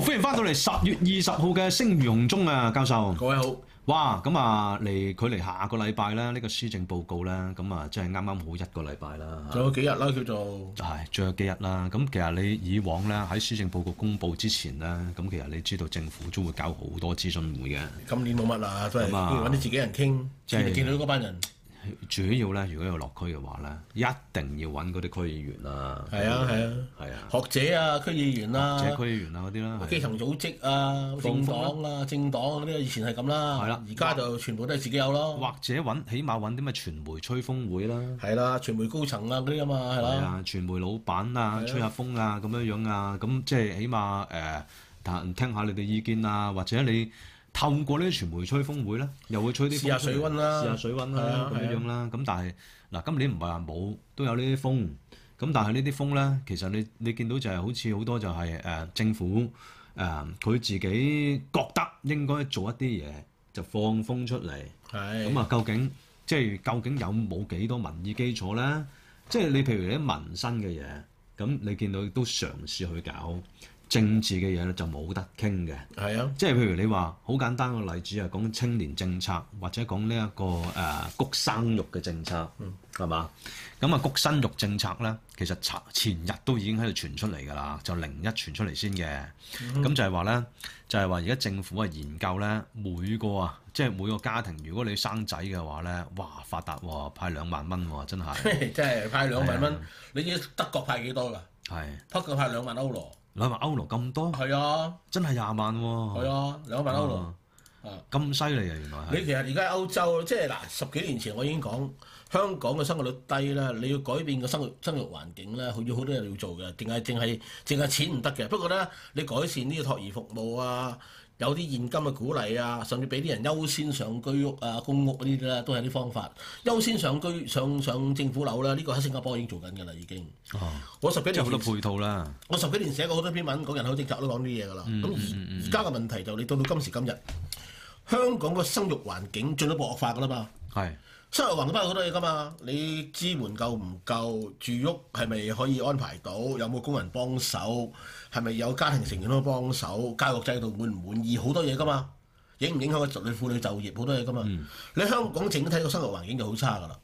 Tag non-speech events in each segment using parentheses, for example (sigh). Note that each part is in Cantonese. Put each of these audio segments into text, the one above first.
歡迎翻到嚟十月二十號嘅《聲如洪鐘》啊，教授。各位好。哇，咁啊，離距離下個禮拜咧，呢、這個施政報告咧，咁啊，真係啱啱好一個禮拜啦。仲有幾日啦，叫做。係、哎，仲有幾日啦。咁其實你以往咧喺施政報告公佈之前咧，咁其實你知道政府都會搞好多諮詢會嘅。今年冇乜啦，都係揾你自己人傾，即係你見到嗰班人？主要咧，如果有落區嘅話咧，一定要揾嗰啲區議員啦，係啊係啊係啊，學者啊區議員啊，學者區議員啊嗰啲啦，基層組織啊政黨啊政黨嗰啲以前係咁啦，係啦，而家就全部都係自己有咯，或者揾起碼揾啲咩傳媒吹風會啦，係啦傳媒高層啊嗰啲啊嘛係啦，傳媒老闆啊吹下風啊咁樣樣啊，咁即係起碼誒，聽下你哋意見啊，或者你。透過呢啲傳媒吹風會咧，又會吹啲試下水溫啦，試下水溫啦咁樣啦。咁、啊、但係嗱，今年唔係話冇，都有呢啲風。咁但係呢啲風咧，其實你你見到就係好似好多就係、係、誒、呃、政府誒佢、呃、自己覺得應該做一啲嘢，就放風出嚟。係。咁啊，究竟即係、就係、究竟有冇幾多民意基礎咧？即、就、係、係、你譬如啲民生嘅嘢，咁你見到亦都嘗試去搞。政治嘅嘢咧就冇得傾嘅，係啊，即係譬如你話好簡單個例子啊，講青年政策或者講呢一個誒谷、呃、生育嘅政策，係嘛、嗯？咁啊，谷生育政策咧，其實前前日都已經喺度傳出嚟㗎啦，就零一傳出嚟先嘅。咁、嗯、哼就係話咧，就係話而家政府啊研究咧每個啊，即係每個家庭，如果你生仔嘅話咧，哇發達喎，派兩萬蚊喎、哦，真係，即係 (laughs) 派兩萬蚊，啊、你知德國派幾多㗎？係是，德國派兩萬歐羅。兩萬歐羅咁多？係啊，真係廿萬喎、啊！係啊，兩萬歐羅啊，咁犀利啊！原來你其實而家歐洲即係嗱，十幾年前我已經講香港嘅生育率低啦，你要改變個生活生活環境好似好多嘢要做嘅，淨係淨係淨係錢唔得嘅。不過咧，你改善呢個托兒服務啊～有啲現金嘅鼓勵啊，甚至俾啲人優先上居屋啊、公屋呢啲啦，都係啲方法。優先上居上上政府樓啦，呢、這個喺新加坡已經做緊㗎啦，已經。啊、我十幾年即係好多配套啦。我十幾年寫過好多篇文講人口政策都講啲嘢㗎啦。咁而而家嘅問題就係、你到到今時今日，香港個生育環境進一步惡化㗎啦嘛。係。生活環境包括好多嘢噶嘛，你支援夠唔夠？住屋係咪可以安排到？有冇工人幫手？係咪有家庭成員可以幫手？教育制度滿唔滿意？好多嘢噶嘛？影唔影響個子女婦女就業？好多嘢噶嘛？嗯、你香港整體個生活環境就好差噶啦。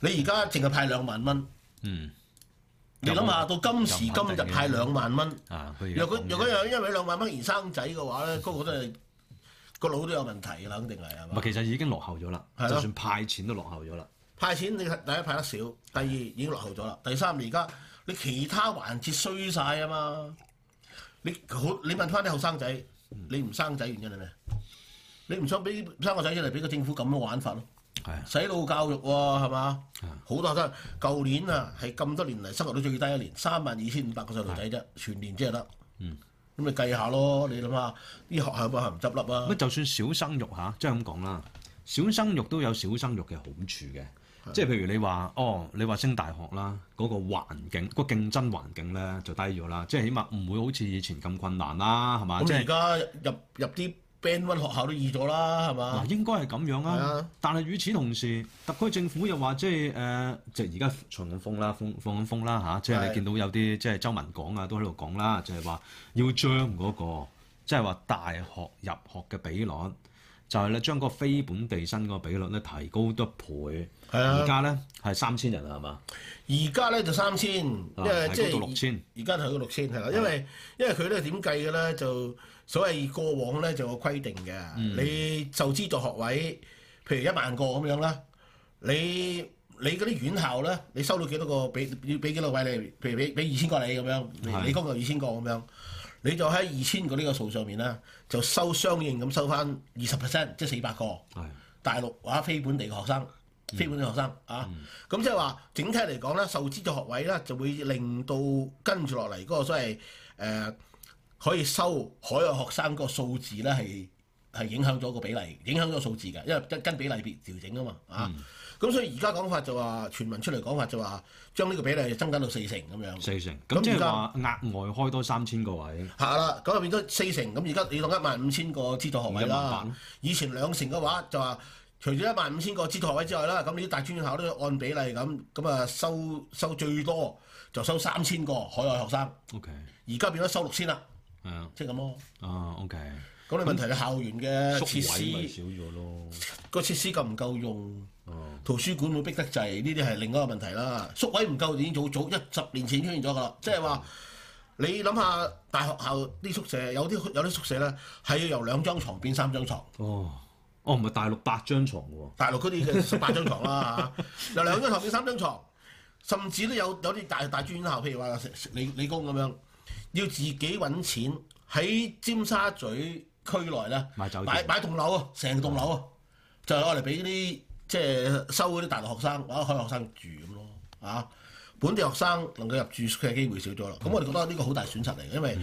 你而家淨係派兩萬蚊，嗯、有有你諗下到今時今日派兩萬蚊，若、嗯、果若果有因為兩萬蚊而生仔嘅話咧，嗰、嗯那個都係。個腦都有問題㗎啦，肯定係係嘛？其實已經落後咗啦，的就算派錢都落後咗啦。派錢你第一派得少，第二已經落後咗啦，第三而家你，你其他環節衰晒啊嘛。你好，你問翻啲後生仔，你唔生仔原因係咩？你唔想俾三個仔出嚟俾個政府咁嘅玩法咯？係的洗腦教育喎、啊，係嘛？的好多學生，舊年啊係咁多年嚟出生率都最低一年三萬二千五百個細路仔啫，的全年即係得。嗯咁你計下咯，你諗下啲學校有係唔執笠啊？乜就算少生育嚇，即係咁講啦，少生育都有少生育嘅好處嘅，即係譬如你話，哦，你話升大學啦，嗰、嗰個環境、個競爭環境咧就低咗啦，即係起碼唔會好似以前咁困難啦，係嘛？即係而家入入啲。band one 學校都易咗啦，係嘛？嗱，應該係咁樣啊。是啊但係與此同時，特區政府又話即係誒，即係而家全面封啦，放封緊封啦嚇、啊是啊。即係你見到有啲即係周文港啊，都喺度講啦，就係、是、話要將嗰、那個即係話大學入學嘅比率。就係咧，將個非本地生個比率咧提高多倍。係啊，而家咧係三千人係嘛？而家咧就三千，因為即係，而家係個六千係啦。因為因為佢咧點計嘅咧，就所謂過往咧就有規定嘅。你就資助學位，譬如一萬個咁樣啦。你你嗰啲院校咧，你收到幾多個，俾俾幾多位你？譬如俾俾二千個你咁樣，你供夠二千個咁樣。你就喺二千個呢個數上面呢，就收相應咁收翻二十 percent，即係四百個大陸或者非本地嘅學生，嗯、非本地學生啊，咁即係話整體嚟講呢受資助學位呢就會令到跟住落嚟嗰個所謂誒、呃、可以收海外學生嗰個數字呢，係係影響咗個比例，影響咗數字嘅，因為跟跟比例調調整啊嘛啊。嗯咁所以而家講法就話，傳聞出嚟講法就話，將呢個比例增加到四成咁樣。四成，咁樣即係話額外開多三千個位。係啦，咁就變咗四成。咁而家你當一萬五千個資助學位啦，以前兩成嘅話就話，就除咗一萬五千個資助學位之外啦，咁你啲大專院校都要按比例咁，咁啊收收最多就收三千個海外學生。O K。而家變咗收六千啦。誒，即係咁咯。哦 okay。啊，OK。咁你問題咧，校園嘅設施少咗咯。個設施夠唔夠用？哦。圖書館會逼得滯，呢啲係另一個問題啦。宿位唔夠已經早早一十年前出現咗噶啦，即係話你諗下大學校啲宿舍有啲有啲宿舍咧係要由兩張床變三張床。哦，哦唔係大陸八張床喎。 (laughs) 大陸嗰啲嘅十八張床啦嚇， (laughs) 由兩張床變三張床，甚至都有有啲大大專院校譬如話理理工咁樣。要自己揾錢喺尖沙咀區內咧買買買,買棟樓啊，成棟樓啊，嗯、就係攞嚟俾啲即係收嗰啲大學學生、或者海外學生住咁咯啊！本地學生能夠入住嘅機會少咗咯，咁、嗯、我哋覺得呢個好大損失嚟嘅，因為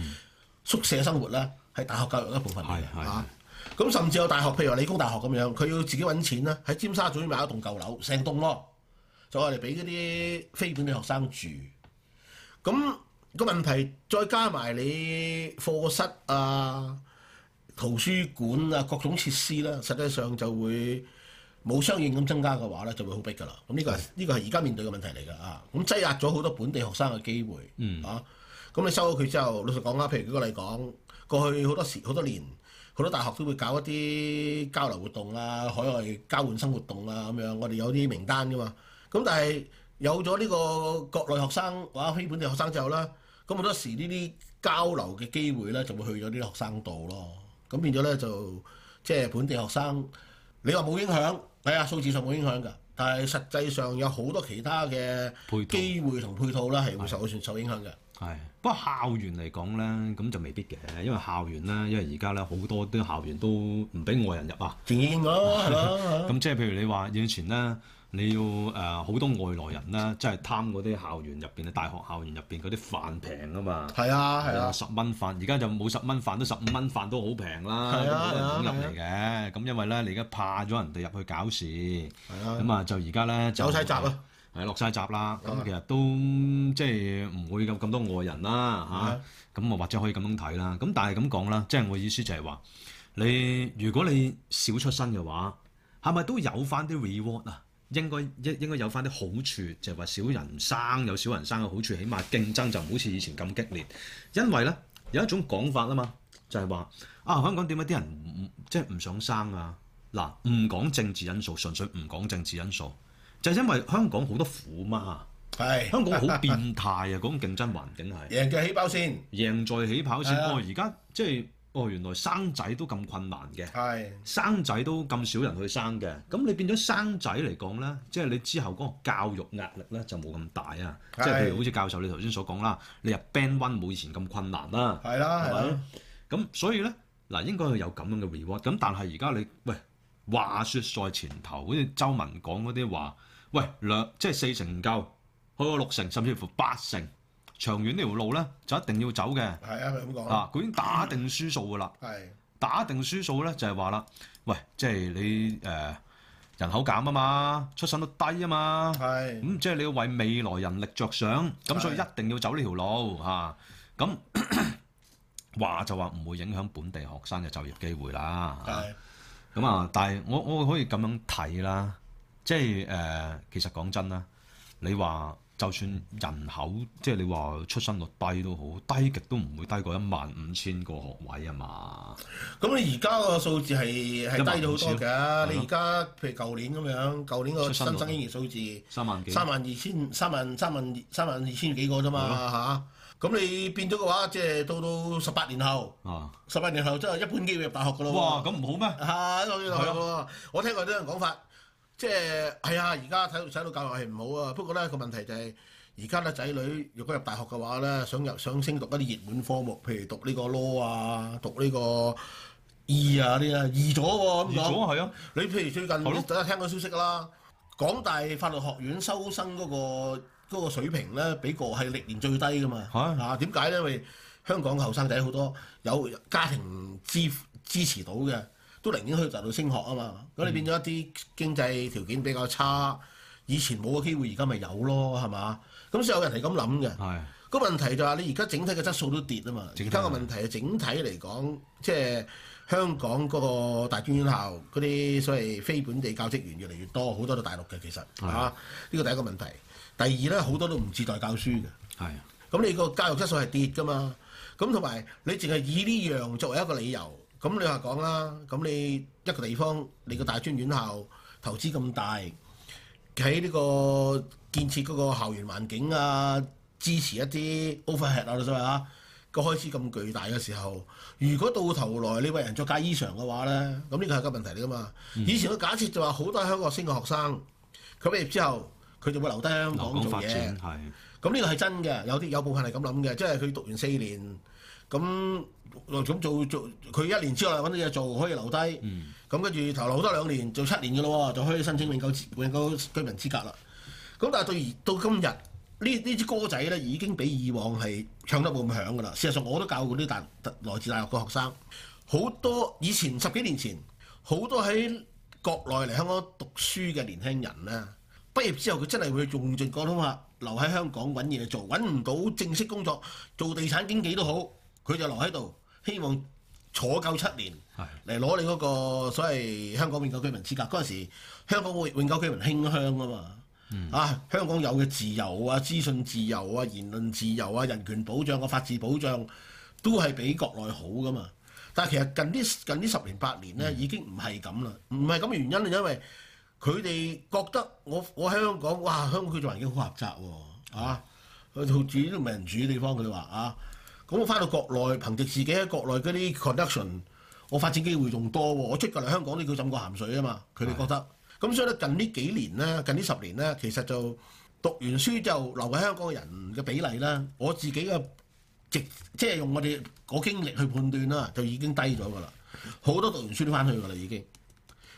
宿舍生活咧係大學教育一部分嚟嘅。咁甚至有大學，譬如話理工大學咁樣，佢要自己揾錢啦，喺尖沙咀買一棟舊樓，成棟咯，就係攞嚟俾嗰啲非本地學生住，咁。嗯個問題再加埋你課室啊、圖書館啊各種設施啦，實際上就會冇相應咁增加嘅話咧，就會好逼㗎喇。咁呢個係呢個係而家面對嘅問題嚟㗎啊！咁擠壓咗好多本地學生嘅機會、嗯、啊！咁你收咗佢之後，老實講啦，譬如舉個例講，過去好多時好多年，好多大學都會搞一啲交流活動啊、海外交換生活動啊咁樣，我哋有啲名單㗎、啊、嘛。咁但係，有咗呢個國內學生，或者非本地學生之後啦，咁好多時呢啲交流嘅機會咧，就會去咗啲學生度咯。咁變咗咧就即係本地學生。你話冇影響，係、哎、啊，數字上冇影響㗎。但係實際上有好多其他嘅機會同配套啦，係會受受影響嘅。係，不過校園嚟講咧，咁就未必嘅，因為校園咧，因為而家咧好多啲校園都唔俾外人入啊。正經，係咪？咁即係譬如你話以前咧。你要誒好、呃、多外來人啦，即係貪嗰啲校園入邊嘅大學校園入邊嗰啲飯平啊嘛，係啊係啊十蚊飯，而家、呃、就冇十蚊飯，飯都十五蚊飯都好平啦，啊、都冇人入嚟嘅咁，啊、因為咧你而家怕咗人哋入去搞事，咁啊就而家咧走晒閘啦，係落晒閘啦。咁其實都即係唔會有咁多外人啦嚇，咁啊或者可以咁樣睇啦。咁但係咁講啦，即係我意思就係話你如果你少出身嘅話，係咪都有翻啲 reward 啊？應該應應該有翻啲好處，就係話小人生有小人生嘅好處，起碼競爭就唔好似以前咁激烈。因為呢，有一種講法啦嘛，就係話啊香港點解啲人即係唔想生啊？嗱，唔講政治因素，純粹唔講政治因素，就係因為香港好多苦嘛。係香港好變態啊！嗰種競爭環境係贏在起跑線，贏在起跑線。我而家即係。哦，原來生仔都咁困難嘅，的生仔都咁少人去生嘅，咁你變咗生仔嚟講咧，即係你之後嗰個教育壓力咧就冇咁大啊，的即係譬如好似教授你頭先所講啦，你入 band one 冇以前咁困難啦，係啦，係咪？咁所以咧，嗱，應該係有咁樣嘅 reward，咁但係而家你喂，話説在前頭，好似周文講嗰啲話，喂，兩即係四成唔夠，去到六成甚至乎八成，長遠呢條路咧，就一定要走嘅。係啊，佢咁講。啊，佢已經打定輸數㗎啦。係、嗯。打定輸數咧，就係話啦，喂，即係你誒、呃、人口減啊嘛，出生率低啊嘛。係、啊。咁即係你要為未來人力着想，咁、啊、所以一定要走呢條路嚇。咁、啊、話 (coughs) 就話唔會影響本地學生嘅就業機會啦。係、啊。咁、嗯、啊，但係我我可以咁樣睇啦，即係誒，其實講真啦，你話。就算人口即係你話出生率低都好，低極都唔會低過一萬五千個學位啊嘛。咁你而家個數字係係 15, 低咗好多嘅。嗯、你而家譬如舊年咁樣，舊年個新生嬰兒數字三萬幾、三萬二千、三萬三萬三萬二千幾個啫嘛嚇。咁、嗯啊、你變咗嘅話，即係到到十八年後，十八年後即係一半機會入大學㗎咯、嗯。哇！咁唔好咩？係我呢度，我聽過啲人講法。即係係啊！而家睇到睇到教育係唔好啊。不過咧個問題就係、是，而家咧仔女如果入大學嘅話咧，想入想升讀一啲熱門科目，譬如讀呢個 Law 啊，讀呢個醫、e、啊啲咧，易咗喎咁講。易咗係啊！啊你譬如最近的大家聽過消息啦，港大法律學院收生嗰、那個那個水平咧，比個係歷年最低㗎嘛。嚇、啊！嗱點解咧？因為香港後生仔好多有家庭支支持到嘅。都寧願去達到升學啊嘛！咁你變咗一啲經濟條件比較差，以前冇個機會，而家咪有咯，係嘛？咁所有人係咁諗嘅。係個是的 問題就係你而家整體嘅質素都跌啊嘛！而家個問題係整體嚟講，即係香港嗰個大專院校嗰啲所謂非本地教職員越嚟越多，好多都大陸嘅其實，係呢是的、啊呢個第一個問題。第二咧，好多都唔志在教書嘅。係咁，你個教育質素係跌㗎嘛？咁同埋你淨係以呢樣作為一個理由。咁你話講啦，咁你一個地方你個大專院校投資咁大，喺呢個建設嗰個校園環境啊，支持一啲 overhead 啊你都算啊，個開支咁巨大嘅時候，如果到頭來你為人作嫁衣裳嘅話咧，咁呢個係個問題嚟㗎嘛？嗯、以前個假設就話好多香港升嘅學生佢畢業之後佢就會留低香港做嘢事，咁呢是個係真嘅，有啲有部分係咁諗嘅，即係佢讀完四年。咁來做做，佢一年之後揾到嘢做，可以留低。咁跟住逗留多兩年，做七年嘅咯就可以申請永久、永久居民資格啦。咁但係到而到今日，呢呢支歌仔呢已經比以往係唱得冇咁響噶啦。事實上我都教過啲大特來自大學嘅學生，好多以前十幾年前，好多喺國內嚟香港讀書嘅年輕人呢，畢業之後佢真係會用盡各通客留喺香港揾嘢做，揾唔到正式工作，做地產經紀都好。佢就留喺度，希望坐夠七年嚟攞你嗰個所謂香港永久居民資格。嗰陣時，香港會永久居民興香啊嘛。嗯、啊，香港有嘅自由啊、資訊自由啊、言論自由啊、人權保障啊、法治保障都係比國內好㗎嘛。但係其實近啲近啲十年八年呢、嗯、已經唔係咁啦。唔係咁嘅原因咧，因為佢哋覺得我我喺香港哇，香港居住環境好狹窄喎、啊。啊，去到自己都唔係民主嘅地方，佢哋話啊。咁我翻到國內，憑藉自己喺國內嗰啲 connection，我發展機會仲多喎。我出過嚟香港，都叫浸過鹹水啊嘛。佢哋覺得，咁的所以咧近呢幾年咧，近呢十年咧，其實就讀完書就留喺香港人嘅比例咧，我自己嘅直即係用我哋個經歷去判斷啦，就已經低咗噶啦。好、嗯、多讀完書都翻去噶啦，已經。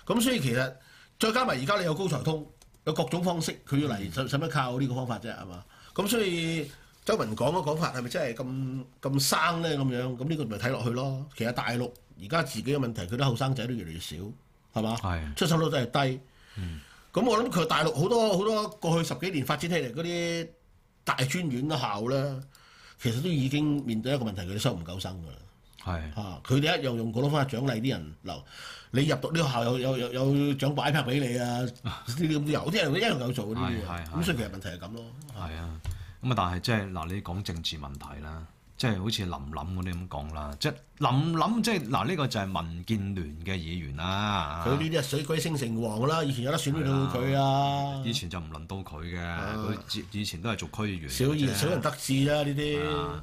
咁所以其實再加埋而家你有高才通，有各種方式，佢要嚟使使乜靠呢個方法啫，係嘛？咁所以。有人講嘅講法係咪真係咁咁生咧？咁樣咁呢個咪睇落去咯。其實大陸而家自己嘅問題，佢啲後生仔都越嚟越少，係嘛？係。出手率真係低。嗯。咁我諗佢大陸好多好多過去十幾年發展起嚟嗰啲大專院嘅校咧，其實都已經面對一個問題，佢哋收唔夠生㗎啦。係。嚇！佢哋一樣用嗰種方法獎勵啲人留。你入讀呢個校有有有有獎物 iPad 俾你啊？呢啲有啲人一樣有做啲嘢。咁所以其實問題係咁咯。係啊。咁啊！但係即係嗱，你講政治問題啦，即係好似林琳嗰啲咁講啦，即係林琳即係嗱，呢、這個就係民建聯嘅議員啦。佢呢啲係水鬼升城王啦，以前有得選到佢啊？以前就唔輪到佢嘅，佢的以前都係做區議員。小人小人得志啦，呢啲這些。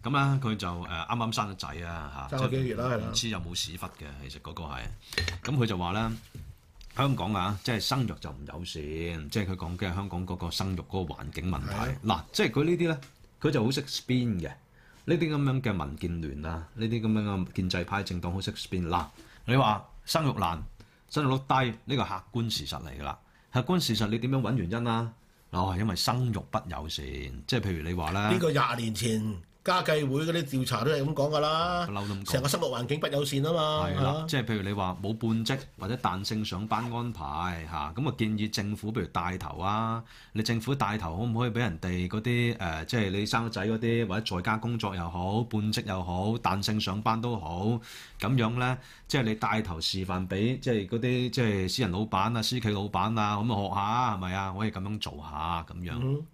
咁啊，佢就誒啱啱生咗仔啊嚇，生幾個月啦，唔知有冇屎忽嘅，其實嗰個係，咁佢就話咧。香港啊，即係生育就唔友善，即係佢講嘅香港嗰個生育嗰個環境問題。嗱的，即係佢呢啲咧，佢就好識 spin 嘅。呢啲咁樣嘅民建聯啊，呢啲咁樣嘅建制派政黨好識 spin。嗱，你話生育難、生育率低，呢個客觀事實嚟噶啦。客觀事實你點樣揾原因啊？哦，因為生育不友善。即係譬如你話咧，呢個廿年前。家計會嗰啲調查都係咁講㗎啦，成個生活環境不友善啊嘛。係啦了，啊、即係譬如你話冇半職或者彈性上班安排嚇，咁啊我建議政府譬如帶頭啊，你政府帶頭可唔可以俾人哋嗰啲誒，即係你生個仔嗰啲或者在家工作又好，半職又好，彈性上班都好，咁樣咧，即係你帶頭示範俾，即係嗰啲即係私人老闆啊、私企老闆啊咁啊學下係咪啊？可以咁樣做下咁樣、嗯。嗯。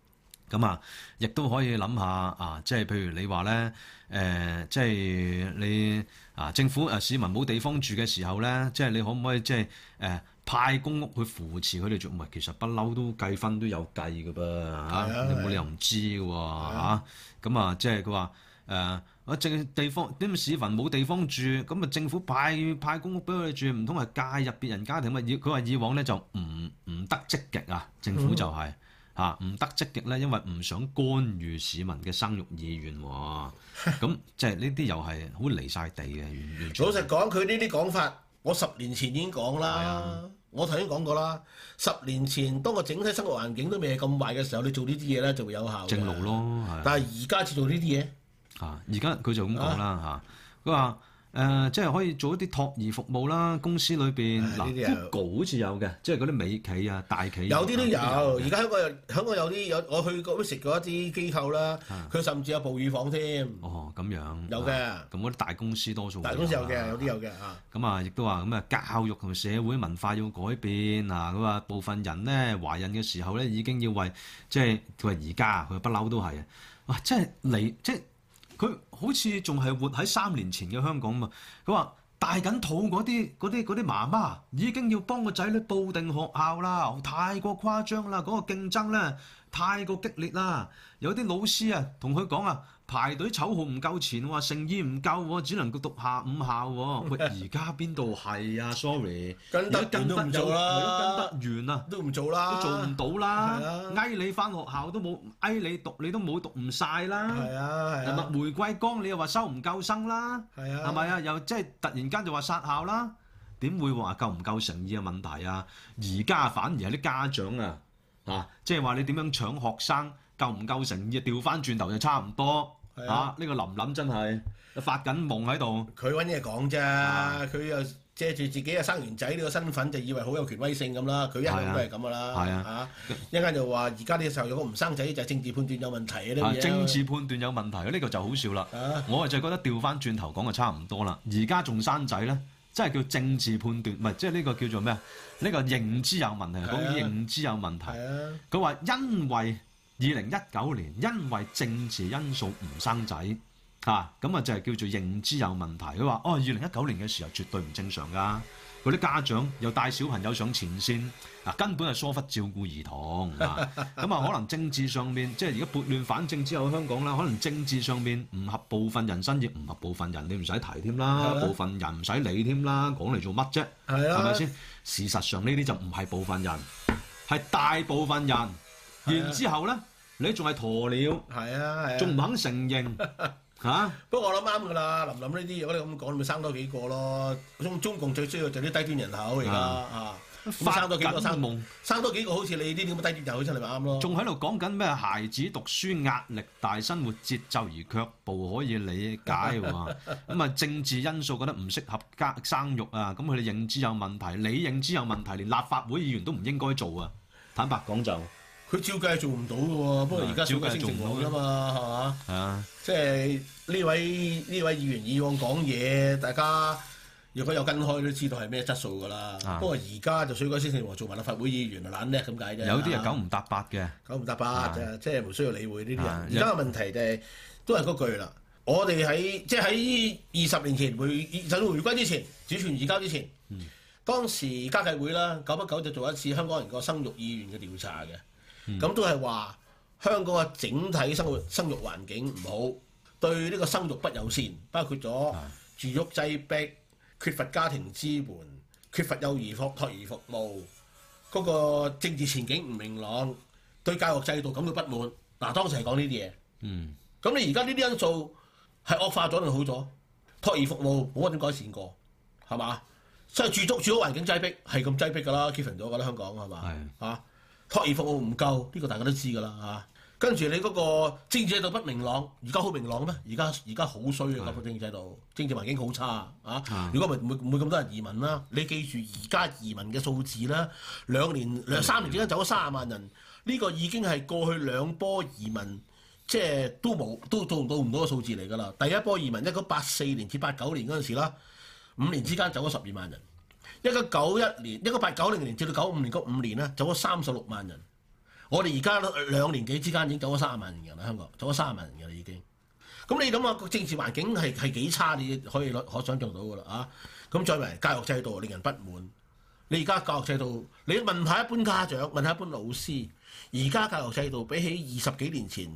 咁啊，亦都可以諗下啊，即係譬如你話咧，誒、呃，即係你啊，政府啊、呃，市民冇地方住嘅時候咧，即係你可唔可以即係誒、呃、派公屋去扶持佢哋住？唔係其實不嬲都計分都有計㗎噃嚇，你冇理由唔知嘅喎嚇。咁啊，即係佢話誒，我、呃、政地方啲市民冇地方住，咁啊政府派派公屋俾佢哋住，唔通係介入別人家庭啊？以佢話以往咧就唔唔得積極啊，政府就係、嗯。嚇唔、啊、得積極咧，因為唔想干預市民嘅生育意願喎。咁即係呢啲又係好離晒地嘅。原老實講，佢呢啲講法，我十年前已經講啦。啊、我頭先講過啦。十年前當個整體生活環境都未係咁壞嘅時候，你做呢啲嘢咧就會有效。正路咯，係、啊。但係而家就做呢啲嘢？嚇、啊！而家佢就咁講啦嚇。佢話。誒，即係可以做一啲托兒服務啦。公司裏邊嗱 g 好似有嘅，即係嗰啲美企啊、大企有啲都有。而家香港有香港有啲有，我去嗰都食過一啲機構啦，佢甚至有哺乳房添。哦，咁樣有嘅。咁嗰啲大公司多數大公司有嘅，有啲有嘅。嚇，咁啊，亦都話咁啊，教育同社會文化要改變啊。咁啊，部分人咧懷孕嘅時候咧，已經要為即係佢而家佢不嬲都係啊。哇！即係你即係佢。好似仲係活喺三年前嘅香港啊。佢話大緊肚嗰啲嗰啲啲媽媽已經要幫個仔女報定學校啦，太過誇張啦！嗰、嗰個競爭咧太過激烈啦，有啲老師啊同佢講啊。排隊籌號唔夠錢喎，誠意唔夠喎，只能夠讀下午校。喂，而家邊度係啊？Sorry，而跟都唔做啦，跟得完啊，都唔做啦，都做唔到啦。拉你返學校都冇，拉你讀你都冇讀唔晒啦。係啊係啊，玫瑰崗你又話收唔夠生啦，係啊，係咪啊？又即係突然間就話殺校啦？點會話夠唔夠誠意嘅問題啊？而家反而啲家長啊，嚇，即係話你點樣搶學生？夠唔夠成？就調翻轉頭就差唔多嚇。呢個林林真係發緊夢喺度。佢揾嘢講啫，佢又借住自己。又生完仔呢個身份，就以為好有權威性咁啦。佢一向都係咁噶啦嚇。一間就話：而家呢個時候，如果唔生仔就政治判斷有問題，呢啲政治判斷有問題，呢個就好笑啦。我係就覺得調翻轉頭講就差唔多啦。而家仲生仔咧，真係叫政治判斷唔係，即係呢個叫做咩啊？呢個認知有問題，講認知有問題。佢話因為。二零一九年，因為政治因素唔生仔吓，咁啊就係叫做認知有問題。佢話：哦，二零一九年嘅時候絕對唔正常㗎。嗰啲家長又帶小朋友上前線，嗱、啊、根本係疏忽照顧兒童。咁啊，可能政治上面即係而家撥亂反正之後，香港啦，可能政治上面唔合部分人生，亦唔合部分人，你唔使提添啦，吧部分人唔使理添啦，講嚟做乜啫？係係咪先？吧 (laughs) 事實上呢啲就唔係部分人，係大部分人。然之後咧，你仲係鴕鳥，係啊，仲唔肯承認嚇？不過我諗啱噶啦，林琳呢啲嘢，我哋咁講，咪生多幾個咯。中中共最需要就啲低端人口而家啊，生多幾個生夢，生多幾個好似你呢啲咁低端人口真係咪啱咯？仲喺度講緊咩？孩子讀書壓力大，生活節奏而卻步可以理解喎。咁啊，政治因素覺得唔適合家生育啊。咁佢哋認知有問題，你認知有問題，連立法會議員都唔應該做啊！坦白講就。佢照計係做唔到嘅喎，不過而家水鬼升城隍啫嘛，係嘛？啊！吧啊，即係呢位呢位議員以往講嘢，大家如果有跟開都知道係咩質素嘅啦。不過而家就水鬼升城隍做埋立法會議員，懶叻咁解啫。有啲又九唔搭八嘅，九唔搭八嘅，啊、即係唔需要理會呢啲人。而家嘅問題就係、是、都係嗰句啦。我哋喺即係喺二十年前回趁回歸之前，主權移交之前，嗯、當時家計會啦，久不久就做一次香港人個生育意願嘅調查嘅。咁、嗯、都係話香港嘅整體生活生育環境唔好，對呢個生育不友善，包括咗住屋擠迫、缺乏家庭支援、缺乏幼兒托託兒服務，嗰、那個政治前景唔明朗，對教育制度感到不滿。嗱、啊，當時係講呢啲嘢。嗯。咁你而家呢啲因素係惡化咗定好咗？托兒服務冇乜點改善過，係嘛？所以住屋住屋環境擠迫係咁擠迫㗎啦，Kevin，我覺得香港係嘛？係。啊！ (music) (music) 託業服務唔夠，呢、這個大家都知㗎啦嚇。跟住你嗰個政治制度不明朗，而家好明朗咩？而家而家好衰啊！嗰的個政治制度、政治環境好差啊！的如果唔係，唔會唔會咁多人移民啦。你記住而家移民嘅數字啦，兩年兩三年之間走咗三十萬人，呢的個已經係過去兩波移民即係都冇都，都做唔到唔到嘅數字嚟㗎啦。第一波移民，一九八四年至八九年嗰陣時啦，五年之間走咗十二萬人。一九九一年，一九八九零年至到九五年嗰五年咧，走咗三十六萬人。我哋而家兩年幾之間已經走咗三十萬人啦，香港走咗三十萬人嘅啦已經。咁你諗下個政治環境係係幾差？你可以可想象到嘅啦啊！咁再嚟教育制度令人不滿。你而家教育制度，你問下一般家長，問下一般老師，而家教育制度比起二十幾年前，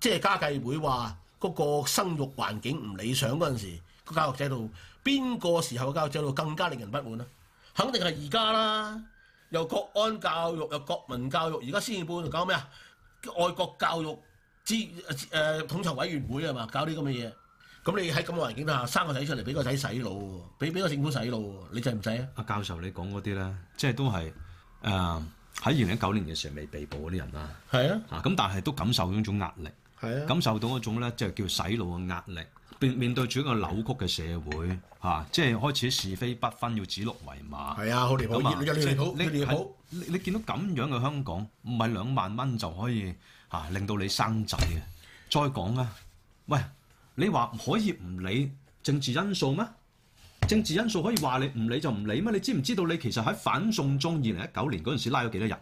即係家計會話個、嗰個生育環境唔理想嗰陣時，嗰個教育制度邊個時候嘅教育制度更加令人不滿啊？肯定係而家啦，又國安教育，又國民教育，而家先至半度搞咩啊？愛國教育之誒、呃、統籌委員會啊嘛，搞啲咁嘅嘢。咁你喺咁嘅環境下，生個仔出嚟，俾個仔洗腦，俾俾個政府洗腦，你制唔制啊？阿教授，你講嗰啲咧，即係都係誒喺二零一九年嘅時候未被捕嗰啲人啦。係啊，咁但係都感受到，係啊，感受到一種壓力，感受到一種咧，即係叫洗腦嘅壓力。面面對住一個扭曲嘅社會，嚇、啊，即係開始是非不分，要指鹿為馬。係啊，好離譜！有啲離譜，你 (noise) 你見到咁樣嘅香港，唔係兩萬蚊就可以嚇、啊、令到你生仔嘅。再講啊，喂，你話可以唔理政治因素咩？政治因素可以話你唔理就唔理咩？你知唔知道你其實喺反送中二零一九年嗰陣時拉咗幾多人？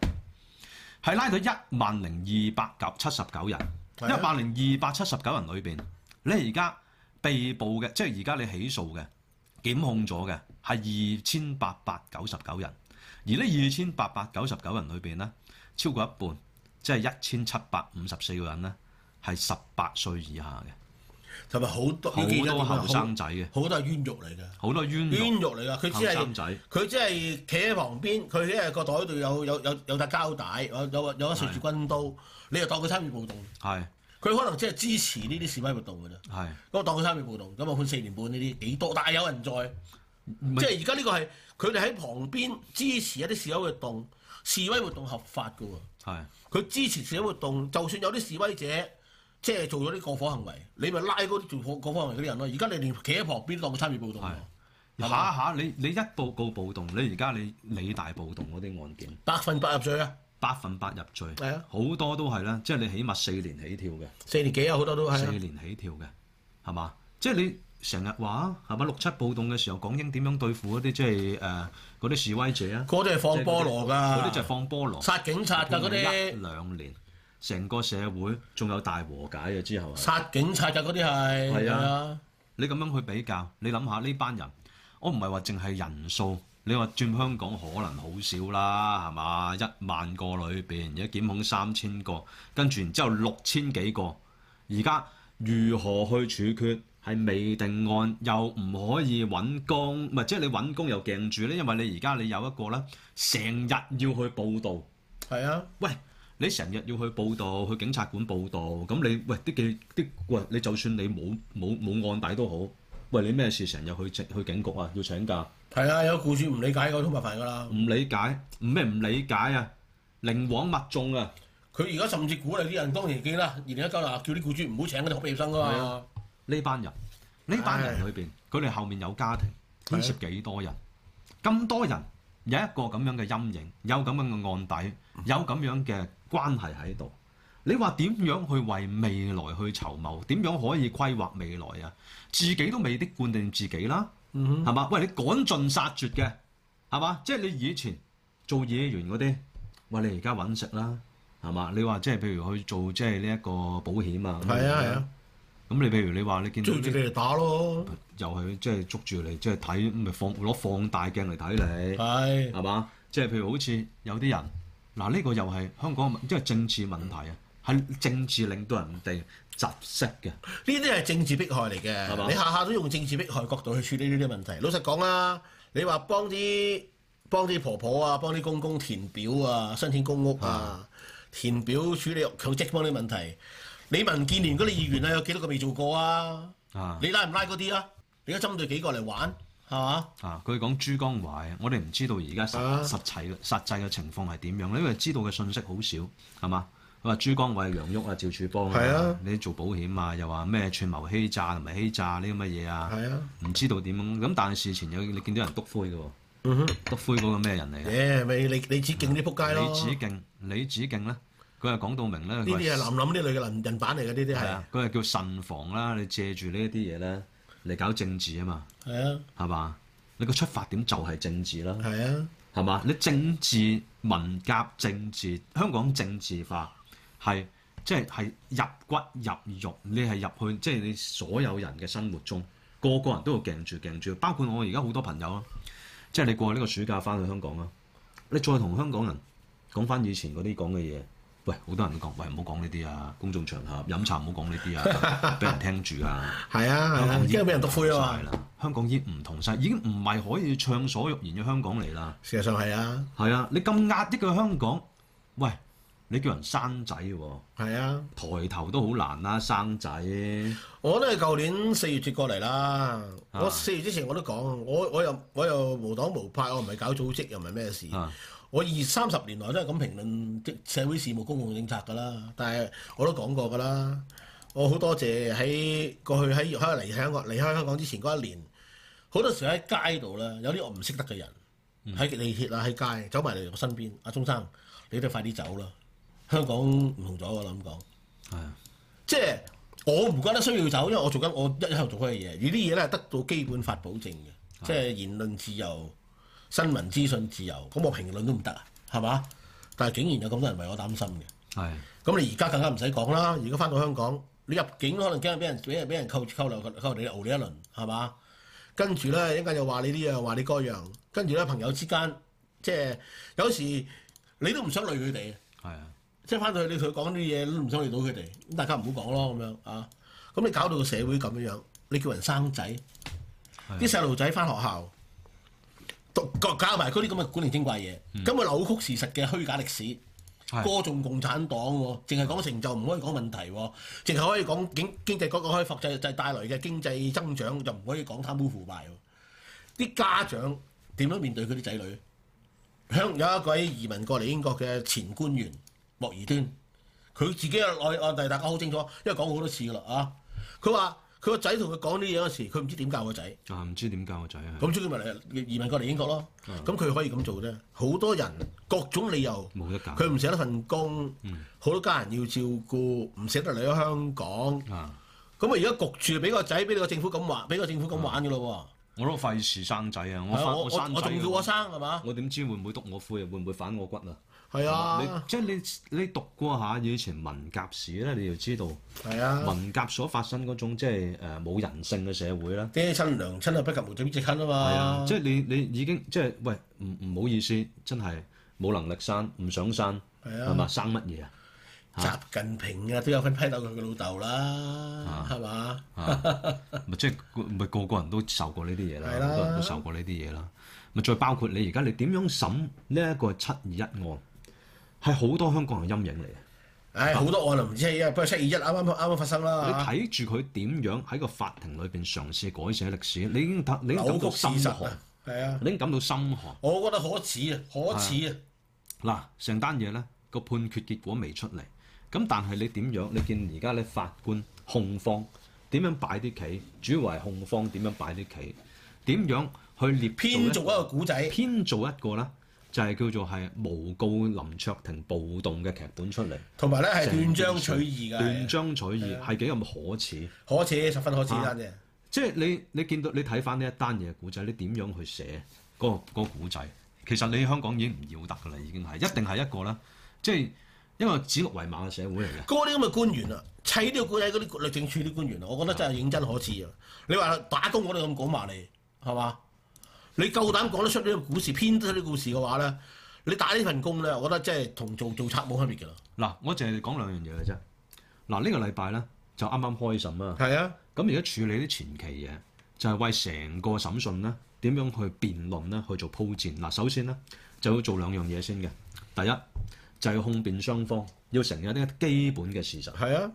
係拉到一萬零二百九七十九人，一萬零二百七十九人裏邊，你而家，被捕嘅，即係而家你起訴嘅、檢控咗嘅係二千八百九十九人，而呢二千八百九十九人裏邊咧，超過一半，即係一千七百五十四個人咧，係十八歲以下嘅，同埋好多好多後生仔嘅，好多係冤獄嚟嘅，好多係冤冤獄嚟嘅，後生仔，佢只係企喺旁邊，佢咧個袋度有有有有隻膠帶，有有有把瑞士軍刀，的你又當佢參與暴動？係。佢可能即係支持呢啲示威活動嘅啫，咁、嗯、我當佢參與暴動，咁啊判四年半呢啲幾多？大有人在，嗯、即係而家呢個係佢哋喺旁邊支持一啲示威活動，示威活動合法嘅喎，佢、嗯、支持示威活動，就算有啲示威者即係做咗啲過火行為，你咪拉嗰啲做過火行為嗰啲人咯。而家你連企喺旁邊當佢參與暴動、嗯、吧下下你你一報告暴動，你而家你理大暴動嗰啲案件百分百入罪啊！百分百入罪，係啊，好多都係啦，即係你起碼四年起跳嘅，四年幾啊，好多都係四年起跳嘅，係嘛、啊？即係你成日話係咪六七暴動嘅時候，港英點樣對付嗰啲即係誒嗰啲示威者啊？嗰啲係放菠蘿㗎，嗰啲就，就放菠蘿，殺警察㗎嗰啲兩年，成個社會仲有大和解嘅之後啊，殺警察㗎嗰啲係係啊，啊啊你咁樣去比較，你諗下呢班人，我唔係話淨係人數。你話轉香港可能好少啦，係嘛？一萬個裏邊，而家檢控三千個，跟住然之後六千幾個。而家如何去處決係未定案，又唔可以揾工，唔係即係你揾工又夾住咧。因為你而家你有一個啦，成日要去報道，係啊？喂，你成日要去報道，去警察館報道，咁你喂啲記啲喂，你就算你冇冇冇案底都好，喂你咩事成日去去警局啊？要請假。係啊，有僱主唔理解，嗰種麻煩噶啦。唔理解，唔咩唔理解啊？寧枉勿縱啊！佢而家甚至鼓勵啲人，當然已經啦，二零一九年叫啲僱主唔好請啲學畢業生啊嘛。呢、啊、班人，呢班人裏邊，佢哋唉後面有家庭，牽涉、啊、幾多人，咁多人有一個咁樣嘅陰影，有咁樣嘅案底，有咁樣嘅關係喺度。你話點樣去為未來去籌謀？點樣可以規劃未來啊？自己都未的貫定自己啦。嗯哼，係嘛？mm？喂、hmm. 你趕盡殺絕嘅，係嘛？即係你以前做議員嗰啲，喂，你而家揾食啦，係嘛？你話即係譬如去做即係呢一個保險、嗯、啊，係啊係啊。咁你譬如你話你見到捉住你嚟打咯，啊啊、又係即係捉住你，即係睇，咪放攞放大鏡嚟睇你，係係嘛？即係譬如好似有啲人嗱，呢、啊呢個又係香港即係政治問題啊。嗯政治領導人哋窒息嘅呢啲係政治迫害嚟嘅。吧你下下都用政治迫害角度去處理呢啲問題。老實講啦、啊，你話幫啲幫啲婆婆啊，幫啲公公填表啊，申請公屋啊，吧填表處理組織幫啲問題。你民建聯嗰啲議員啊，有幾多個未做過啊？你拉唔拉嗰啲啊？你而家針對幾個嚟玩係嘛啊？佢講珠江懷，我哋唔知道而家實實砌嘅實際嘅情況係點樣咧？因為知道嘅信息好少係嘛？佢話：朱江偉、楊旭啊、趙柱邦啊，你做保險啊，又話咩串謀欺詐同埋欺詐呢啲咁嘅嘢啊？係啊，唔知道點咁。但事前有你見到人篤灰嘅喎，嗯哼，篤灰嗰個咩人嚟嘅？耶咪李李梓敬啲撲街咯。李梓敬，李梓敬咧，佢係講到明咧。呢啲係諗諗呢類嘅論人版嚟嘅，呢啲係佢係叫慎防啦。你借住呢一啲嘢咧嚟搞政治啊嘛，係啊，係嘛？你個出發點就係政治啦，係啊，係嘛？你政治、文革、政治、香港政治化。係，即係係入骨入肉，你係入去，即係你所有人嘅生活中，個個人都要驚住驚住，包括我而家好多朋友啦。即係你過呢個暑假翻去香港啦，你再同香港人講翻以前嗰啲講嘅嘢，喂，好多人都講，喂唔好講呢啲啊，公眾場合飲茶唔好講呢啲啊，俾 (laughs) 人聽住啊。係啊，依家俾人督灰啊嘛。香港已經唔同晒， (laughs) 已經唔係可以暢所欲言嘅香港嚟啦。事實上係啊，係啊，你咁壓抑嘅香港，喂。你叫人生仔喎、哦？係啊，抬頭都好難啦、啊，生仔我都係舊年四月接過嚟啦。啊、我四月之前我都講，我我又我又無黨無派，我唔係搞組織又唔係咩事。啊、2 我二三十年來都係咁評論政社會事務、公共政策㗎啦。但係我都講過㗎啦。我好多謝喺過去喺離開離開香港之前嗰一年，好多時喺街度咧，有啲我唔識得嘅人喺地鐵啊，喺、嗯、街,街走埋嚟我身邊。阿、啊、鍾生，你都快啲走啦！香港唔同咗，我諗講係啊，是的 即係我唔覺得需要走，因為我做緊我一向做開嘅嘢。而啲嘢咧，得到基本法保證嘅，是的 即係言論自由、新聞資訊自由。咁我評論都唔得啊，係嘛？但係竟然有咁多人為我擔心嘅，係咁是的 你而家更加唔使講啦。而家翻到香港，你入境可能驚俾人俾人俾人扣扣留，扣扣你，扣你一輪係嘛？跟住咧，一陣間又話你呢樣，話你嗰樣，跟住咧朋友之間，即係有時你都唔想累佢哋，係啊。即係翻到去你同佢講啲嘢都唔想理到佢哋，咁大家唔好講咯，咁樣啊。咁你搞到個社會咁樣樣，你叫人生仔，啲細路仔翻學校讀，搞埋嗰啲咁嘅古靈精怪嘢，咁嘅、嗯、扭曲事實嘅虛假歷史，的歌頌共產黨喎，淨係講成就，唔可以講問題喎，淨、哦、係可以講經經濟改革，可以、就係、帶嚟嘅經濟增長，就唔可以講貪污腐敗喎。啲、哦、家長點樣面對佢啲仔女？響有一位移民過嚟英國嘅前官員。莫宜端，佢自己又內內地，大家好清楚，因為講好多次噶啦啊！佢話佢個仔同佢講啲嘢嗰時，佢唔知點教個仔。啊，唔知點教個仔啊！咁終於咪嚟，移民過嚟英國咯。咁佢、啊、可以咁做啫。好多人各種理由，冇得揀。佢唔捨得份工，好、嗯、多家人要照顧，唔捨得嚟咗香港。咁啊，而家焗住俾個仔，俾你個政府咁玩，俾個政府咁玩噶咯喎！我都費事生仔啊！我我仲、啊、要我生係嘛？我點知會唔會督我灰啊？會唔會反我骨啊？係啊！即係你你讀過下以前文革史咧，你就知道文革所發生嗰種即係誒冇人性嘅社會啦。爹親娘親都不及母子親啊嘛！即係、啊就是、你你已經即係、就是、喂唔唔好意思，真係冇能力生，唔想生係嘛？生乜嘢啊？啊習近平啊都有份批鬥佢嘅老豆啦，係嘛是嗎？咪即係咪個個人都受過呢啲嘢啦？好多人都受過呢啲嘢啦。咪、啊、再包括你而家你點樣審呢一個七二一案？係好多香港人陰影嚟啊！唉，好那多我啊，唔知啊，不過七二一啱啱啱啱發生啦。你睇住佢點樣喺個法庭裏邊嘗試改寫歷史，嗯、你，已經你已經感心寒、啊、你已經感到心寒，係啊，你感到心寒。我覺得可恥啊，可恥啊！嗱，成單嘢咧，個判決結果未出嚟，咁但係你點樣？你見而家咧法官控方點樣擺啲棋，主要係控方點樣擺啲棋，點樣去捏編造一個古仔，編造一個啦。就係叫做係誣告林卓廷暴動嘅劇本出嚟，同埋咧係斷章取義嘅，斷章取義係幾咁可恥，可恥十分可恥一單即係你你見到你睇翻呢一單嘢古仔，你點樣去寫嗰、嗰個古仔、嗰個？其實你喺香港已經唔要得噶啦，已經係一定係一個啦。即係因為指鹿為馬嘅社會嚟嘅。嗰啲咁嘅官員啊，砌呢個古仔嗰啲律政處啲官員啊，我覺得真係認真可恥啊！的你話打工我都咁講埋你，係嘛？你夠膽講得出呢個故事，編得出啲故事嘅話咧，你打呢份工咧，我覺得即係同做做賊冇分別㗎喇。嗱，我淨係講兩樣嘢嘅啫。嗱，這個、呢個禮拜咧就啱啱開審啊。係啊，咁而家處理啲前期嘢，就係、是、為成個審訊咧點樣去辯論咧去做鋪墊。嗱，首先咧就要做兩樣嘢先嘅。第一就係控辯雙方要承認一啲基本嘅事實。係啊，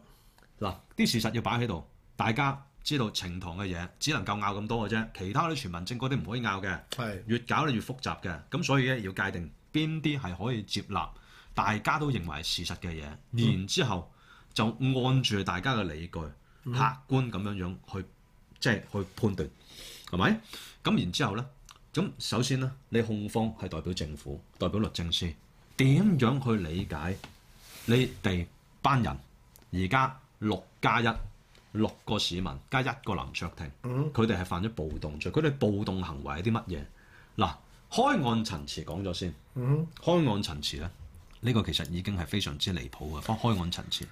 嗱，啲事實要擺喺度，大家。知道呈堂嘅嘢，只能夠拗咁多嘅啫，其他啲全民政改啲唔可以拗嘅。係是，越搞咧越複雜嘅，咁所以咧要界定邊啲係可以接納，大家都認為事實嘅嘢，嗯、然之後就按住大家嘅理據，嗯、客觀咁樣樣去，即、就、係、是、去判斷，係咪？咁然之後咧，咁首先咧，你控方係代表政府，代表律政司，點樣去理解你哋班人而家六加一？六個市民加一個林卓廷，佢哋係犯咗暴動罪。佢哋暴動行為係啲乜嘢？嗱，開案陳詞講咗先。嗯、開案陳詞咧，呢、呢個其實已經係非常之離譜嘅。方開案陳詞，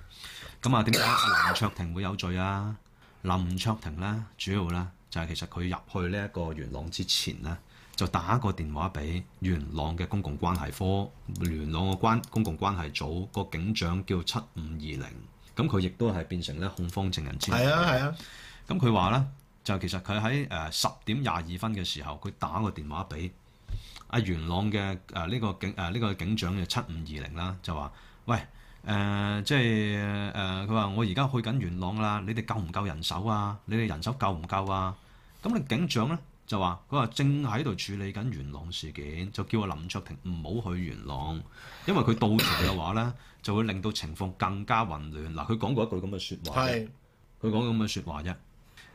咁啊點解林卓廷會有罪啊？林卓廷呢，主要呢，就係、係、其實佢入去呢一個元朗之前呢，就打個電話俾元朗嘅公共關係科元朗個關公共關係組、個警長叫七五二零。咁佢亦都係變成咧控方證人之一。係啊係啊，咁佢話咧就其實佢喺誒十點廿二分嘅時候，佢打個電話俾阿元朗嘅誒呢個警誒呢個警長嘅七五二零啦，就話喂誒即係誒佢話我而家去緊元朗啦，你哋夠唔夠人手啊？你哋人手夠唔夠啊？咁你警長咧？就話佢話正喺度處理緊元朗事件，就叫阿林卓廷唔好去元朗，因為佢到場嘅話咧，就會令到情況更加混亂。嗱，佢講過一句咁嘅説話，佢是講咁嘅説話啫。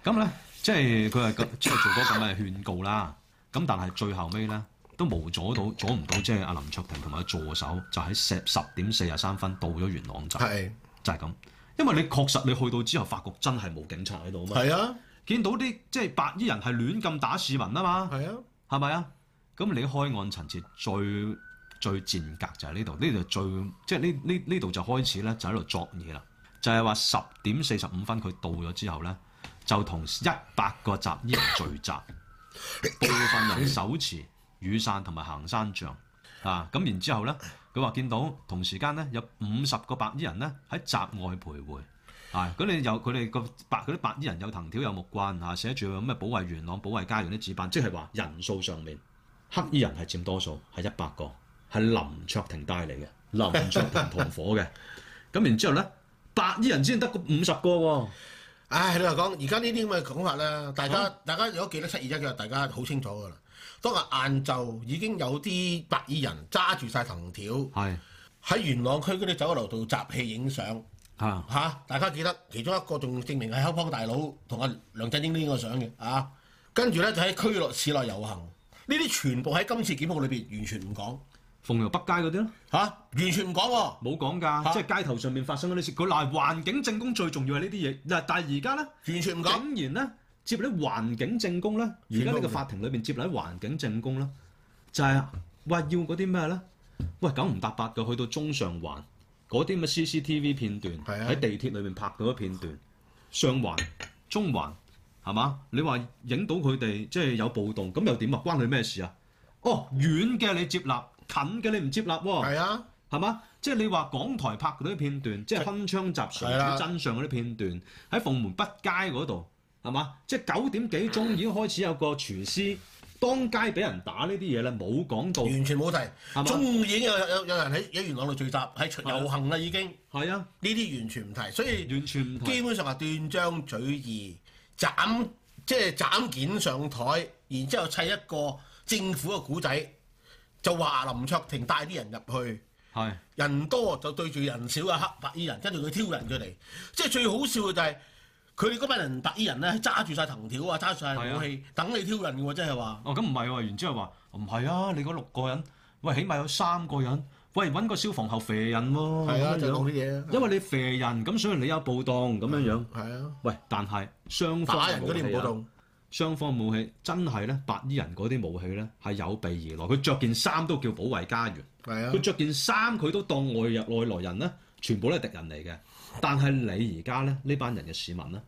咁咧，即係佢係咁即係做咗咁嘅勸告啦。咁 (coughs) 但係最後尾咧都冇阻到，阻唔到即係阿林卓廷同埋助手就喺十十點四十三分到咗元朗站，是就係咁。因為你確實你去到之後，發覺真係冇警察喺度啊嘛。係啊。見到啲即係白衣人係亂咁打市民啊嘛，係啊，係咪啊？咁你開案層次最最賤格就係呢度，呢度最即係呢呢呢度就開始咧就喺度作嘢啦，就係話十點四十五分佢到咗之後咧，就同一百個白衣人聚集，部分人手持雨傘同埋行山杖啊，咁然之後咧，佢話見到同時間咧有五十個白衣人咧喺閘外徘徊。啊！咁你由佢哋個白嗰啲白衣人有藤條有木棍啊，寫住有咩保衞元朗、保衞家園啲紙板，即係話人數上面黑衣人係佔多數，係一百個，係林卓廷帶嚟嘅，林卓廷同伙嘅。咁 (laughs) 然之後咧，白衣人先得五十個喎、啊。唉、哎，你話講而家呢啲咁嘅講法咧，大家、啊、大家如果記得七二一嘅，大家好清楚㗎喇。當日晏晝已經有啲白衣人揸住晒藤條，喺是元朗區嗰啲酒樓度集氣影相。嚇！嚇、啊！大家記得，其中一個仲證明係香港大佬同阿梁振英呢個相嘅啊！跟住咧就喺區落市內遊行，呢啲全部喺今次檢控裏邊完全唔講。鳳攸北街嗰啲咯嚇，完全唔講喎。冇講㗎，啊、即係街頭上面發生嗰啲事。佢嗱環境證供最重要係呢啲嘢嗱，但係而家咧完全唔講，竟然咧接啲環境證供咧，而家呢個法庭裏邊接嚟環境證供咧，就係、是、話要嗰啲咩咧？喂，九唔搭八嘅，去到中上環。嗰啲乜 CCTV 片段喺、啊、地鐵裏面拍到嘅片段，上環、中環係嘛？你話影到佢哋即係有暴動，咁又點啊？關佢咩事啊？哦，遠嘅你接納，近嘅你唔接納喎。係啊，係嘛？即係你話港台拍到啲片段，啊、即係鏗鏘集水」嘅真相嗰啲片段，喺、啊、鳳門北街嗰度係嘛？即係九點幾鐘已經開始有個廚師。當街俾人打呢啲嘢咧，冇講到，完全冇提。吧中已經有有有人喺元朗度聚集，喺遊行啦已經。係啊，呢啲完全唔提，所以完全唔提，基本上係斷章取義，就是、斬即係斬件上台，然之後砌一個政府嘅古仔，就話林卓廷帶啲人入去，係、啊、人多就對住人少嘅黑白衣人，跟住佢挑人出嚟。 (laughs) 即係最好笑嘅就係。佢嗰班人白衣人咧，揸住晒藤條啊，揸住晒武器，啊、等你挑釁嘅喎，即係話。哦，咁唔係喎，然之後話唔係啊，你嗰六個人，喂，起碼有三個人，喂，揾個消防喉射人喎。係啊，就講乜嘢。啊。因為你射人，咁、啊、所，所以你有暴動咁樣樣。係啊。喂、啊，但係雙方嗰啲唔暴動，雙方武器真係咧，白衣人嗰啲武器咧係有備而來。佢着件衫都叫保衞家園。係啊。佢着件衫，佢都，都，都當外入外來人咧，全部都係敵人嚟嘅。但係你而家咧，呢班人嘅市民咧，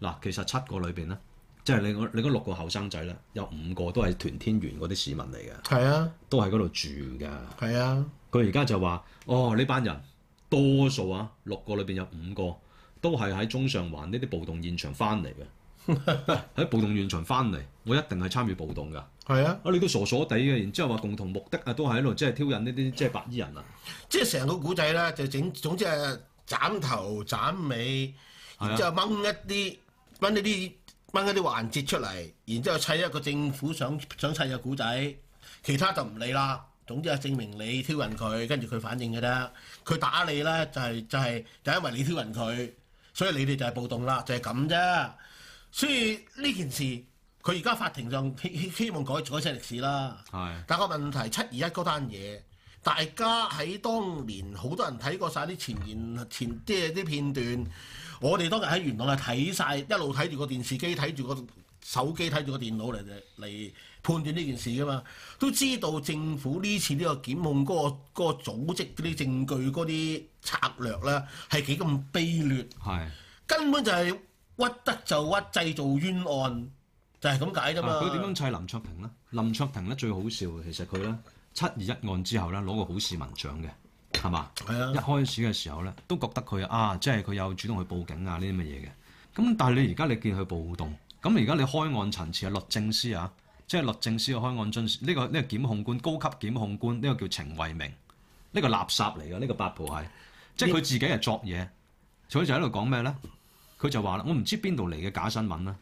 嗱，其實七個裏邊咧，即、就、係、是、你你嗰六個後生仔咧，有五個都係屯天元嗰啲市民嚟嘅，係啊，都喺嗰度住㗎，係啊，佢而家就話哦，呢班人多數啊，六個裏邊有五個都係喺中上環呢啲暴動現場翻嚟嘅，喺、 (laughs) 啊、暴動現場翻嚟，我一定係參與暴動㗎，係啊，我、啊、你都傻傻地嘅，然之後話共同目的啊都喺度，即係挑釁呢啲即係白衣人啊， (laughs) 即係成個古仔咧就整，總之係。斬頭斬尾，然之後掹一啲掹的一啲掹一啲環節出嚟，然之後砌一個政府想想砌嘅古仔，其他就唔理啦。總之係證明你挑釁佢，跟住佢反應嘅啫。佢打你咧，就係、是、就係、是、就因為你挑釁佢，所以你哋就係暴動啦，就係咁啫。所以呢件事，佢而家法庭上希希望改改寫歷史啦。係的，但個問題七二一嗰單嘢。大家喺當年好多人睇過晒啲前言前即係啲片段，我哋當日喺元朗係睇晒，一路睇住個電視機，睇住個手機，睇住個電腦嚟嚟判斷呢件事噶嘛，都知道政府呢次呢個檢控嗰個嗰個組織嗰啲證據嗰啲策略咧係幾咁卑劣，係的根本就係屈得就屈，製造冤案就係咁解啫嘛。佢點樣砌林卓廷咧？林卓廷咧最好笑嘅，其實佢咧。七二一案之後咧，攞個好市民獎嘅，係嘛？係啊的！一開始嘅時候咧，都覺得佢啊，即係佢有主動去報警啊，呢啲乜嘢嘅。咁但係你而家你見佢暴動，咁而家你開案層次啊，律政司啊，即係律政司嘅開案進，呢個呢個檢控官，高級檢控官呢個叫程慧明，呢個垃圾嚟嘅，呢個八婆係，即係佢自己係作嘢，所以就喺度講咩咧？佢就話啦，我唔知邊度嚟嘅假新聞啦，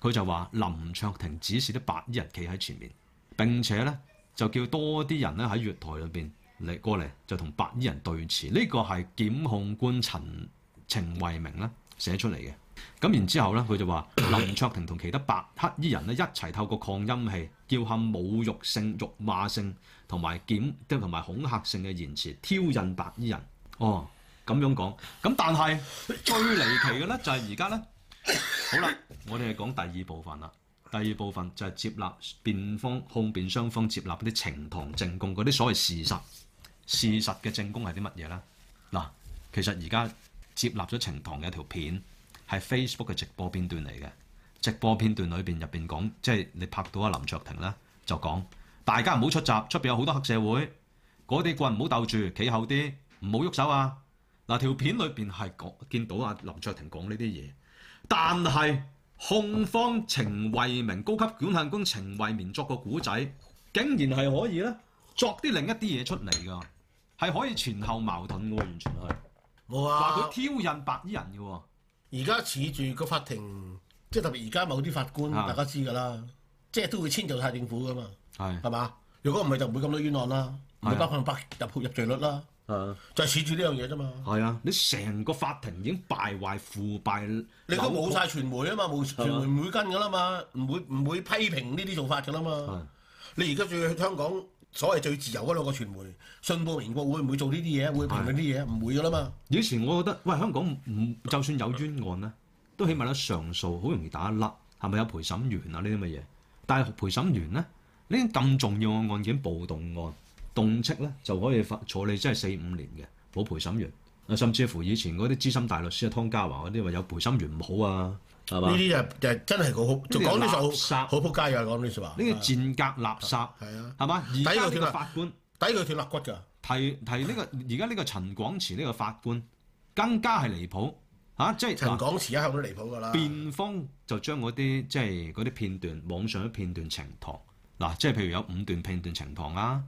佢就話林卓廷指示啲白衣人企喺前面，並且咧。就叫多啲人咧喺月台裏邊嚟過嚟，就同白衣人對峙。呢個係檢控官陳程惠明咧寫出嚟嘅。咁然之後咧，佢就話 (coughs) 林卓廷同其他白黑衣人咧一齊透過擴音器叫喊侮辱性、辱罵性同埋檢即同埋恐嚇性嘅言辭挑釁白衣人。哦，咁樣講。咁但係 (coughs) 最離奇嘅咧，就係而家咧。好啦，我哋係講第二部分啦。第二部分就係接納辯方、控辯雙方接納啲呈堂證供嗰啲所謂事實、事實嘅證供係啲乜嘢呢？嗱，其實而家接納咗呈堂嘅一條片，係 Facebook 嘅直播片段嚟嘅。直播片段裏邊入邊講，即係你拍到阿林卓廷啦，就講大家唔好出閘，出邊有好多黑社會，嗰啲棍唔好鬥住，企後啲，唔好喐手啊！嗱，條片裏邊係講見到阿林卓廷講呢啲嘢，但係，控方程慧明高級管限官程慧明作個古仔，竟然係可以咧作啲另一啲嘢出嚟噶，係可以前後矛盾嘅，完全係冇啊。話佢哇挑釁白衣人嘅，而家恃住個法庭，即係特別而家某啲法官，的大家知噶啦，即係都會遷就太政府噶嘛，係係嘛？如果唔係就唔會咁多冤案啦，唔的會包括入入罪率啦。誒，啊、就係恃住呢樣嘢啫嘛。係啊，你成個法庭已經敗壞腐敗。你都冇晒傳媒啊嘛，冇、啊、傳媒唔會跟噶啦嘛，唔會唔會批評呢啲做法㗎啦嘛。啊、你而家仲要去香港，所謂最自由嗰個傳媒，《信報》、《明報》，會唔會做呢啲嘢？啊、會評論啲嘢？唔、啊、會㗎啦嘛。以前我覺得，喂，香港唔就算有冤案呢，都起碼咧上訴好容易打一甩，係咪有陪審員啊？呢啲乜嘢，但係陪審員呢？呢啲咁重要嘅案件，暴動案。動斥咧就可以坐你，真係四五年嘅冇陪審員啊，甚至乎以前嗰啲資深大律師啊，湯家驊嗰啲話有陪審員唔好啊，係嘛？呢啲就就是、吧真係好好講呢，好好仆街啊！講呢句話呢叫賤格垃圾係啊，係嘛？第二個斷法官，第二、這個斷肋骨㗎，提提呢個而家呢個陳廣池呢個法官更加係離譜嚇，即、啊、係、就是、陳廣池一向都離譜㗎啦。辯方就將嗰啲即係啲片段網上嘅片段呈堂嗱，即、啊、係、就是、譬如有五段片段呈堂啊。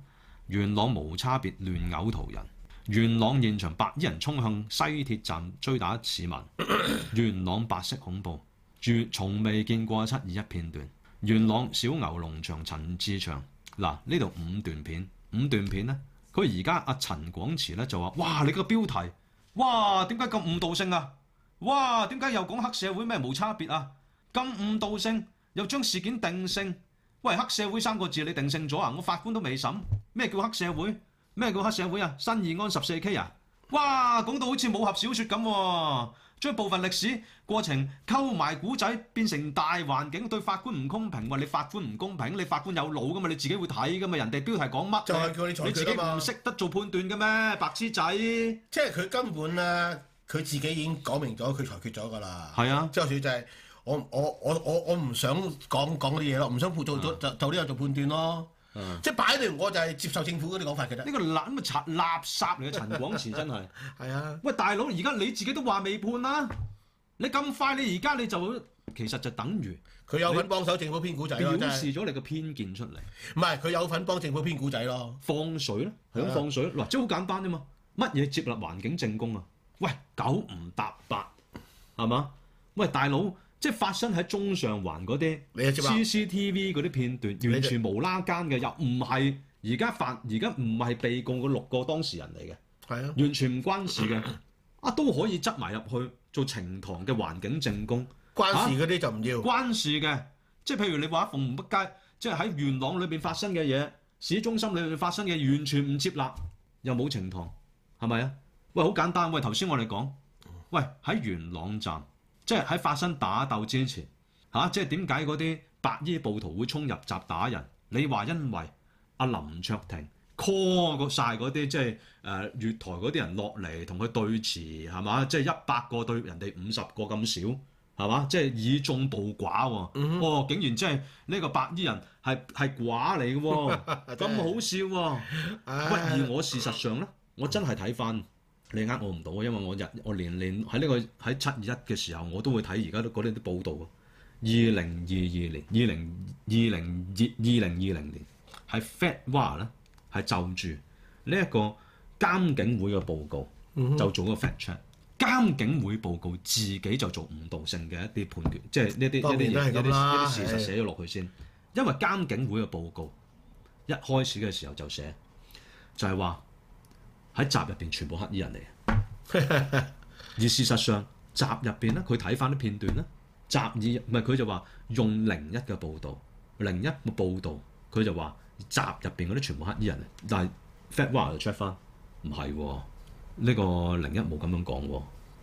元朗無差別亂毆途人，元朗現場白衣人衝向西鐵站追打市民，咳咳元朗白色恐怖，絕從未見過七二一片段。元朗小牛龍場陳志祥嗱呢度五段片，五段片呢？佢而家阿陳廣池咧就話：哇！你個標題哇點解咁誤導性啊？哇點解又講黑社會咩無差別啊？咁誤導性又將事件定性喂黑社會三個字你定性咗啊？我法官都未審。咩叫黑社會？咩叫黑社會啊？新義安十四 K 啊！哇，講到好似武俠小說咁喎，將部分歷史過程溝埋古仔，變成大環境對法官唔公平喎，你法官唔公平，你法官有腦噶嘛？你自己會睇噶嘛？人哋標題講乜？就係叫你裁決啊嘛！你自己唔識得做判斷嘅咩，白痴仔！即係佢根本咧，佢自己已經講明咗，佢裁決咗噶啦。係啊，即小就係、是、我我我我我唔想講講啲嘢咯，唔想做咗、啊、就就呢個做判斷咯。嗯、即係擺喺度我就係接受政府嗰啲講法嘅啫。呢個垃，垃 (laughs) 啊，陳垃圾嚟嘅陳廣慈真係係啊！喂，大佬，而家你自己都話未判啦、啊，你咁快，你而家你就其實就等於佢有份幫手政府編古仔咯，真、就、係、是、示咗你個偏見出嚟。唔係佢有份幫政府編古仔咯，放水咧，係咁放水嗱，即係好簡單啫嘛。乜嘢接納環境證供啊？喂，九唔搭八係嘛？喂，大佬。即係發生喺中上環嗰啲 CCTV 嗰啲片段，完全無拉奸嘅，又唔係而家犯，而家唔係被告嘅六個當事人嚟嘅，係啊，完全唔關事嘅，啊都可以執埋入去做呈堂嘅環境證供，關事嗰啲、啊、就唔要，關事嘅，即係譬如你話喺鳳攸北街，即係喺元朗裏邊發生嘅嘢，市中心裏邊發生嘅，完全唔接納，又冇呈堂，係咪啊？喂，好簡單，喂，頭先我哋講，喂，喺元朗站。即係喺發生打鬥之前，嚇、啊！即係點解嗰啲白衣暴徒會衝入閘打人？你話因為阿林卓廷 call 過曬嗰啲即係誒月台嗰啲人落嚟同佢對峙係嘛？即係、呃、一百個對人哋五十個咁少係嘛？即係以眾暴寡喎、啊！嗯、哼哦，竟然即係呢個白衣人係係寡嚟㗎喎，咁 (laughs) 好笑喎、啊！不如、啊、我事實上咧， (coughs) 我真係睇翻。你呃我唔到，因為我日我年年喺呢個喺七二一嘅時候，我都會睇而家都嗰啲啲報道。二零二二年、二零二零二二零二零年，係 FactWire 咧，係就住呢一個監警會嘅報告、嗯、哼就做個 fact check。監警會報告自己就做誤導性嘅一啲判斷，即係呢啲呢啲呢啲事實寫咗落去先。的因為監警會嘅報告一開始嘅時候就寫就係、是、話。喺閘入邊全部黑衣人嚟， (laughs) 而事實上閘入邊咧，佢睇翻啲片段咧，閘而唔係佢就話用零一嘅報導，零一嘅報導佢就話閘入邊嗰啲全部黑衣人，嚟。但係 Fat Wall 又 check 翻唔係，呢、 (laughs) (laughs) 呢個零一冇咁樣講喎，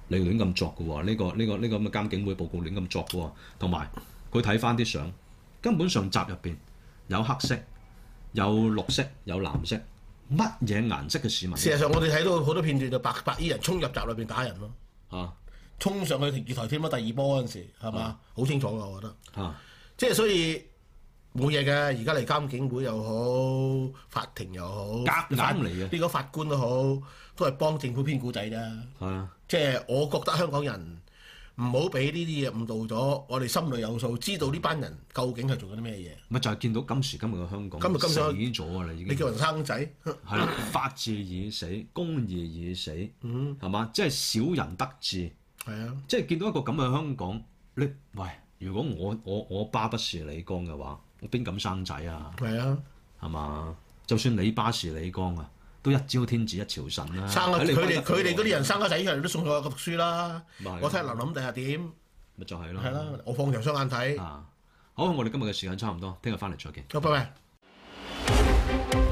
你亂咁作嘅喎，呢、呢個呢、呢個呢、呢個咁嘅監警會報告亂咁作嘅喎，同埋佢睇翻啲相，根本上閘入邊有黑色、有綠色、有藍色。乜嘢顏色嘅市民？事實上，我哋睇到好多片段，就白白衣人衝入閘裏邊打人咯。嚇、啊！衝上去停住台添波第二波嗰陣時，係嘛？好、嗯、清楚噶，我覺得。嚇、啊！即係所以冇嘢嘅，而家嚟監警會又好，法庭又好，夾硬嚟嘅。呢個法官都好，都係幫政府編故仔啫。係啊！即係我覺得香港人。唔好俾呢啲嘢誤導咗，我哋心裏有數，知道呢班人究竟係做緊啲咩嘢。咪就係見到今時今日嘅香港，今日今日已經死咗㗎啦，已經。你叫人生仔？係 (laughs) 法治已死，公義已死，嗯，係嘛？即係小人得志。係啊。即係見到一個咁嘅香港，你，喂，如果我我我爸不是李剛嘅話，我邊敢生仔啊？係啊。係嘛？就算你爸是李剛啊。都一朝天子一朝臣啦，啊，佢哋佢哋嗰啲人生個仔，佢哋都送佢個讀書啦。啊、我睇林林定係點，咪就係咯。係啦，我放長雙眼睇。啊，好，我哋今日嘅時間差唔多，聽日翻嚟再見。好，拜拜。 (music)